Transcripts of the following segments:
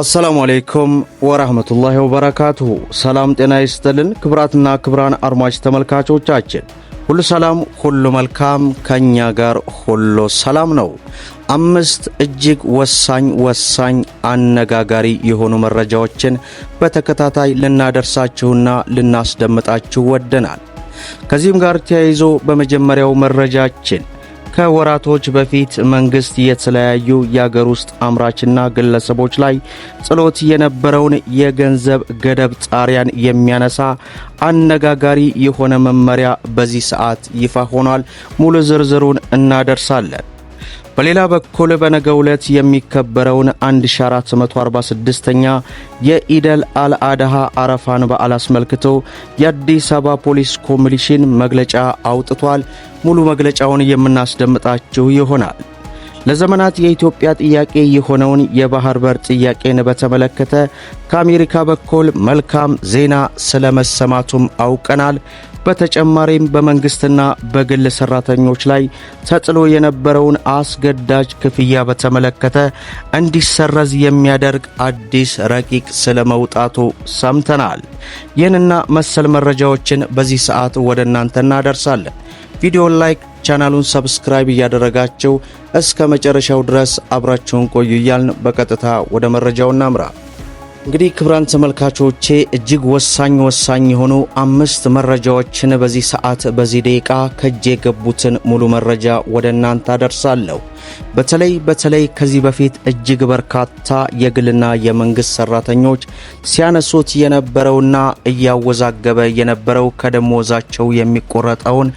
አሰላሙ አሌይኩም ወራህመቱላሂ ወበረካቱሁ። ሰላም ጤና ይስጥልን። ክብራትና ክብራን አድማጭ ተመልካቾቻችን ሁሉ ሰላም፣ ሁሉ መልካም፣ ከእኛ ጋር ሁሉ ሰላም ነው። አምስት እጅግ ወሳኝ ወሳኝ አነጋጋሪ የሆኑ መረጃዎችን በተከታታይ ልናደርሳችሁና ልናስደምጣችሁ ወደናል። ከዚህም ጋር ተያይዞ በመጀመሪያው መረጃችን ከወራቶች በፊት መንግስት የተለያዩ የአገር ውስጥ አምራችና ግለሰቦች ላይ ጥሎት የነበረውን የገንዘብ ገደብ ጣሪያን የሚያነሳ አነጋጋሪ የሆነ መመሪያ በዚህ ሰዓት ይፋ ሆኗል። ሙሉ ዝርዝሩን እናደርሳለን። በሌላ በኩል በነገ ዕለት የሚከበረውን 1446ኛ የኢደል አልአድሃ አረፋን በዓል አስመልክቶ የአዲስ አበባ ፖሊስ ኮሚሽን መግለጫ አውጥቷል። ሙሉ መግለጫውን የምናስደምጣችሁ ይሆናል። ለዘመናት የኢትዮጵያ ጥያቄ የሆነውን የባህር በር ጥያቄን በተመለከተ ከአሜሪካ በኩል መልካም ዜና ስለመሰማቱም አውቀናል። በተጨማሪም በመንግስትና በግል ሰራተኞች ላይ ተጥሎ የነበረውን አስገዳጅ ክፍያ በተመለከተ እንዲሰረዝ የሚያደርግ አዲስ ረቂቅ ስለመውጣቱ ሰምተናል። ይህንና መሰል መረጃዎችን በዚህ ሰዓት ወደ እናንተ እናደርሳለን። ቪዲዮን ላይክ ቻናሉን ሰብስክራይብ እያደረጋችሁ እስከ መጨረሻው ድረስ አብራችሁን ቆዩ እያልን በቀጥታ ወደ መረጃው እናምራ። እንግዲህ ክብራን ተመልካቾቼ እጅግ ወሳኝ ወሳኝ የሆኑ አምስት መረጃዎችን በዚህ ሰዓት በዚህ ደቂቃ ከእጅ የገቡትን ሙሉ መረጃ ወደ እናንተ አደርሳለሁ። በተለይ በተለይ ከዚህ በፊት እጅግ በርካታ የግልና የመንግሥት ሠራተኞች ሲያነሱት የነበረውና እያወዛገበ የነበረው ከደሞዛቸው የሚቆረጠውን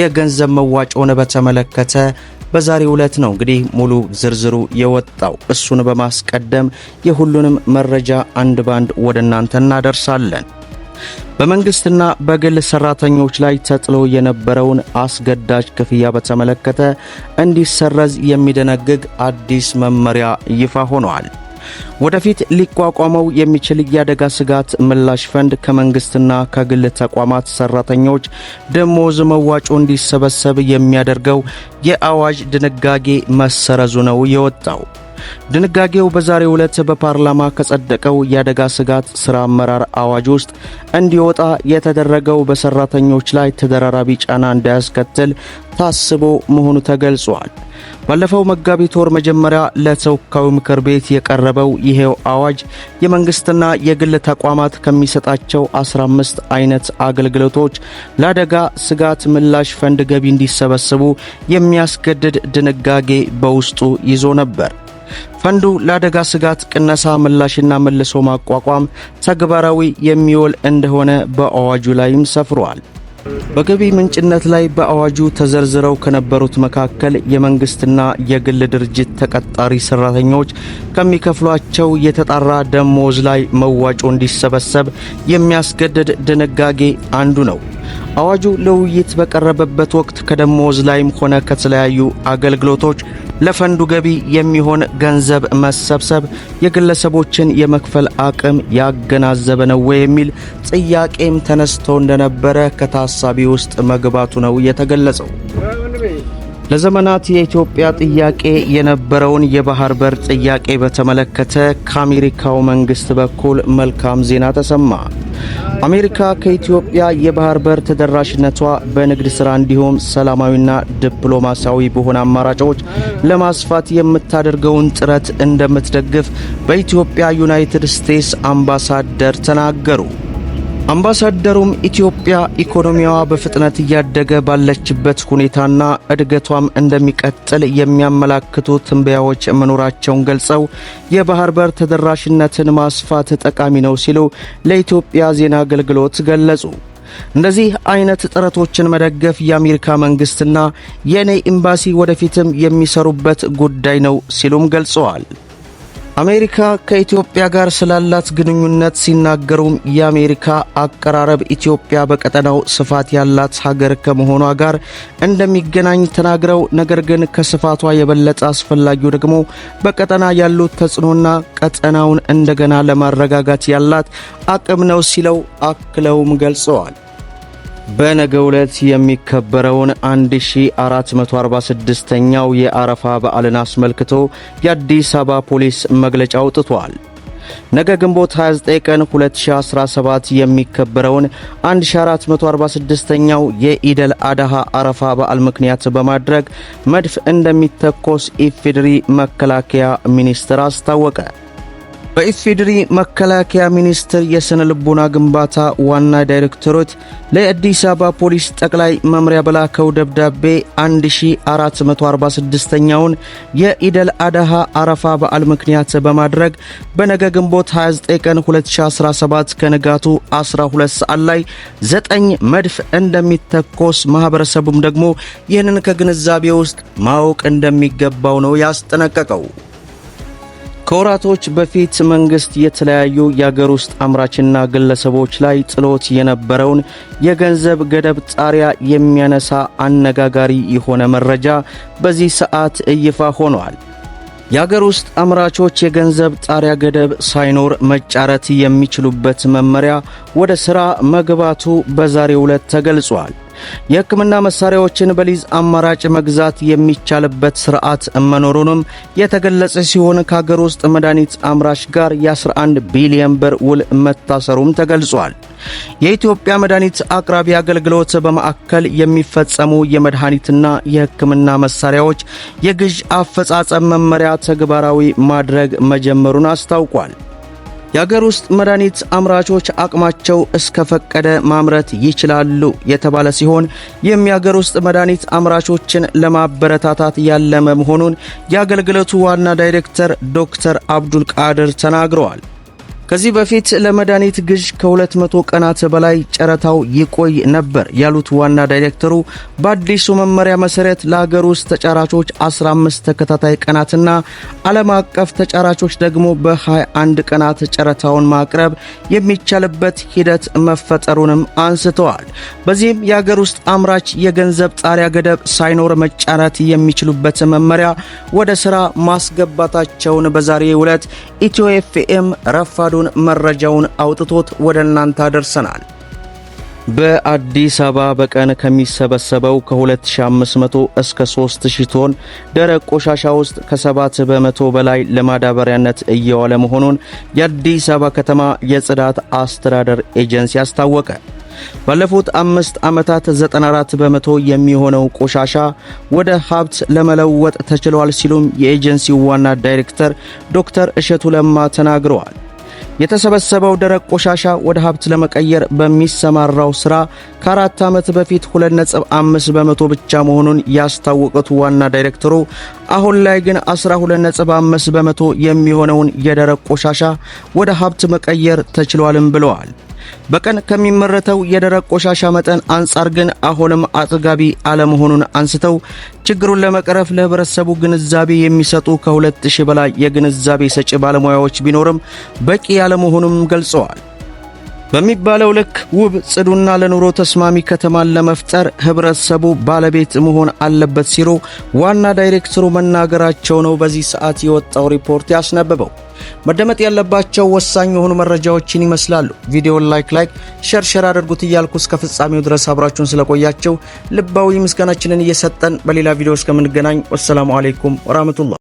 የገንዘብ መዋጮን በተመለከተ በዛሬው ዕለት ነው እንግዲህ ሙሉ ዝርዝሩ የወጣው። እሱን በማስቀደም የሁሉንም መረጃ አንድ ባንድ ወደ እናንተ እናደርሳለን። በመንግስትና በግል ሰራተኞች ላይ ተጥሎ የነበረውን አስገዳጅ ክፍያ በተመለከተ እንዲሰረዝ የሚደነግግ አዲስ መመሪያ ይፋ ሆኗል። ወደፊት ሊቋቋመው የሚችል የአደጋ ስጋት ምላሽ ፈንድ ከመንግስትና ከግል ተቋማት ሰራተኞች ደሞዝ መዋጮ እንዲሰበሰብ የሚያደርገው የአዋጅ ድንጋጌ መሰረዙ ነው የወጣው። ድንጋጌው በዛሬው ዕለት በፓርላማ ከጸደቀው የአደጋ ስጋት ሥራ አመራር አዋጅ ውስጥ እንዲወጣ የተደረገው በሰራተኞች ላይ ተደራራቢ ጫና እንዳያስከትል ታስቦ መሆኑ ተገልጿል። ባለፈው መጋቢት ወር መጀመሪያ ለተወካዩ ምክር ቤት የቀረበው ይሄው አዋጅ የመንግስትና የግል ተቋማት ከሚሰጣቸው 15 አይነት አገልግሎቶች ለአደጋ ስጋት ምላሽ ፈንድ ገቢ እንዲሰበስቡ የሚያስገድድ ድንጋጌ በውስጡ ይዞ ነበር። ፈንዱ ለአደጋ ስጋት ቅነሳ ምላሽና መልሶ ማቋቋም ተግባራዊ የሚውል እንደሆነ በአዋጁ ላይም ሰፍሯል። በገቢ ምንጭነት ላይ በአዋጁ ተዘርዝረው ከነበሩት መካከል የመንግስትና የግል ድርጅት ተቀጣሪ ሰራተኞች ከሚከፍሏቸው የተጣራ ደሞዝ ላይ መዋጮ እንዲሰበሰብ የሚያስገድድ ድንጋጌ አንዱ ነው። አዋጁ ለውይይት በቀረበበት ወቅት ከደሞዝ ላይም ሆነ ከተለያዩ አገልግሎቶች ለፈንዱ ገቢ የሚሆን ገንዘብ መሰብሰብ የግለሰቦችን የመክፈል አቅም ያገናዘበ ነው ወይ የሚል ጥያቄም ተነስቶ እንደነበረ ከታሳቢ ውስጥ መግባቱ ነው የተገለጸው። ለዘመናት የኢትዮጵያ ጥያቄ የነበረውን የባህር በር ጥያቄ በተመለከተ ከአሜሪካው መንግስት በኩል መልካም ዜና ተሰማ። አሜሪካ ከኢትዮጵያ የባህር በር ተደራሽነቷ በንግድ ስራ እንዲሁም ሰላማዊና ዲፕሎማሲያዊ በሆነ አማራጮች ለማስፋት የምታደርገውን ጥረት እንደምትደግፍ በኢትዮጵያ ዩናይትድ ስቴትስ አምባሳደር ተናገሩ። አምባሳደሩም ኢትዮጵያ ኢኮኖሚዋ በፍጥነት እያደገ ባለችበት ሁኔታና እድገቷም እንደሚቀጥል የሚያመላክቱ ትንበያዎች መኖራቸውን ገልጸው የባህር በር ተደራሽነትን ማስፋት ጠቃሚ ነው ሲሉ ለኢትዮጵያ ዜና አገልግሎት ገለጹ። እንደዚህ አይነት ጥረቶችን መደገፍ የአሜሪካ መንግስትና የኔ ኤምባሲ ወደፊትም የሚሰሩበት ጉዳይ ነው ሲሉም ገልጸዋል። አሜሪካ ከኢትዮጵያ ጋር ስላላት ግንኙነት ሲናገሩም የአሜሪካ አቀራረብ ኢትዮጵያ በቀጠናው ስፋት ያላት ሀገር ከመሆኗ ጋር እንደሚገናኝ ተናግረው፣ ነገር ግን ከስፋቷ የበለጠ አስፈላጊው ደግሞ በቀጠና ያሉት ተጽዕኖና ቀጠናውን እንደገና ለማረጋጋት ያላት አቅም ነው ሲለው አክለውም ገልጸዋል። በነገ ዕለት የሚከበረውን 1446ኛው የአረፋ በዓልን አስመልክቶ የአዲስ አበባ ፖሊስ መግለጫ አውጥቷል። ነገ ግንቦት 29 ቀን 2017 የሚከበረውን 1446ኛው የኢደል አድሃ አረፋ በዓል ምክንያት በማድረግ መድፍ እንደሚተኮስ ኢፌዴሪ መከላከያ ሚኒስቴር አስታወቀ። በኢፌዴሪ መከላከያ ሚኒስቴር የሥነ ልቦና ግንባታ ዋና ዳይሬክተሮት ለአዲስ አበባ ፖሊስ ጠቅላይ መምሪያ በላከው ደብዳቤ 1446ኛውን የኢደል አድሃ አረፋ በዓል ምክንያት በማድረግ በነገ ግንቦት 29 ቀን 2017 ከንጋቱ 12 ሰዓት ላይ ዘጠኝ መድፍ እንደሚተኮስ ማኅበረሰቡም ደግሞ ይህንን ከግንዛቤ ውስጥ ማወቅ እንደሚገባው ነው ያስጠነቀቀው። ከወራቶች በፊት መንግስት የተለያዩ የአገር ውስጥ አምራችና ግለሰቦች ላይ ጥሎት የነበረውን የገንዘብ ገደብ ጣሪያ የሚያነሳ አነጋጋሪ የሆነ መረጃ በዚህ ሰዓት ይፋ ሆኗል። የአገር ውስጥ አምራቾች የገንዘብ ጣሪያ ገደብ ሳይኖር መጫረት የሚችሉበት መመሪያ ወደ ሥራ መግባቱ በዛሬው ዕለት ተገልጿል። የሕክምና መሳሪያዎችን በሊዝ አማራጭ መግዛት የሚቻልበት ስርዓት መኖሩንም የተገለጸ ሲሆን ከሀገር ውስጥ መድኃኒት አምራች ጋር የ11 ቢሊዮን ብር ውል መታሰሩም ተገልጿል። የኢትዮጵያ መድኃኒት አቅራቢ አገልግሎት በማዕከል የሚፈጸሙ የመድኃኒትና የሕክምና መሳሪያዎች የግዥ አፈጻጸም መመሪያ ተግባራዊ ማድረግ መጀመሩን አስታውቋል። የአገር ውስጥ መድኃኒት አምራቾች አቅማቸው እስከፈቀደ ማምረት ይችላሉ የተባለ ሲሆን ይህም የአገር ውስጥ መድኃኒት አምራቾችን ለማበረታታት ያለመ መሆኑን የአገልግሎቱ ዋና ዳይሬክተር ዶክተር አብዱል ቃድር ተናግረዋል። ከዚህ በፊት ለመድኃኒት ግዥ ከ200 ቀናት በላይ ጨረታው ይቆይ ነበር ያሉት ዋና ዳይሬክተሩ በአዲሱ መመሪያ መሰረት ለሀገር ውስጥ ተጫራቾች 15 ተከታታይ ቀናትና ዓለም አቀፍ ተጫራቾች ደግሞ በ21 ቀናት ጨረታውን ማቅረብ የሚቻልበት ሂደት መፈጠሩንም አንስተዋል። በዚህም የሀገር ውስጥ አምራች የገንዘብ ጣሪያ ገደብ ሳይኖር መጫረት የሚችሉበት መመሪያ ወደ ሥራ ማስገባታቸውን በዛሬ ዕለት ኢትዮ ኤፍኤም ረፋዱ እያንዳንዱን መረጃውን አውጥቶት ወደ እናንተ አደርሰናል። በአዲስ አበባ በቀን ከሚሰበሰበው ከ2500 እስከ 3000 ቶን ደረቅ ቆሻሻ ውስጥ ከ7 በመቶ በላይ ለማዳበሪያነት እየዋለ መሆኑን የአዲስ አበባ ከተማ የጽዳት አስተዳደር ኤጀንሲ አስታወቀ። ባለፉት አምስት ዓመታት 94 በመቶ የሚሆነው ቆሻሻ ወደ ሀብት ለመለወጥ ተችሏል ሲሉም የኤጀንሲው ዋና ዳይሬክተር ዶክተር እሸቱ ለማ ተናግረዋል። የተሰበሰበው ደረቅ ቆሻሻ ወደ ሀብት ለመቀየር በሚሰማራው ሥራ ከአራት ዓመት በፊት 2.5 በመቶ ብቻ መሆኑን ያስታወቁት ዋና ዳይሬክተሩ አሁን ላይ ግን 12.5 በመቶ የሚሆነውን የደረቅ ቆሻሻ ወደ ሀብት መቀየር ተችሏልም ብለዋል። በቀን ከሚመረተው የደረቅ ቆሻሻ መጠን አንጻር ግን አሁንም አጥጋቢ አለመሆኑን አንስተው ችግሩን ለመቅረፍ ለህብረተሰቡ ግንዛቤ የሚሰጡ ከሁለት ሺህ በላይ የግንዛቤ ሰጪ ባለሙያዎች ቢኖርም በቂ ያለመሆኑም ገልጸዋል። በሚባለው ልክ ውብ ጽዱና ለኑሮ ተስማሚ ከተማን ለመፍጠር ህብረተሰቡ ባለቤት መሆን አለበት ሲሉ ዋና ዳይሬክተሩ መናገራቸው ነው በዚህ ሰዓት የወጣው ሪፖርት ያስነብበው። መደመጥ ያለባቸው ወሳኝ የሆኑ መረጃዎችን ይመስላሉ። ቪዲዮን ላይክ ላይክ ሸር ሸር አድርጉት እያልኩ እስከ ፍጻሜው ድረስ አብራችሁን ስለቆያቸው ልባዊ ምስጋናችንን እየሰጠን በሌላ ቪዲዮ እስከምንገናኝ ወሰላሙ አሌይኩም ወራህመቱላህ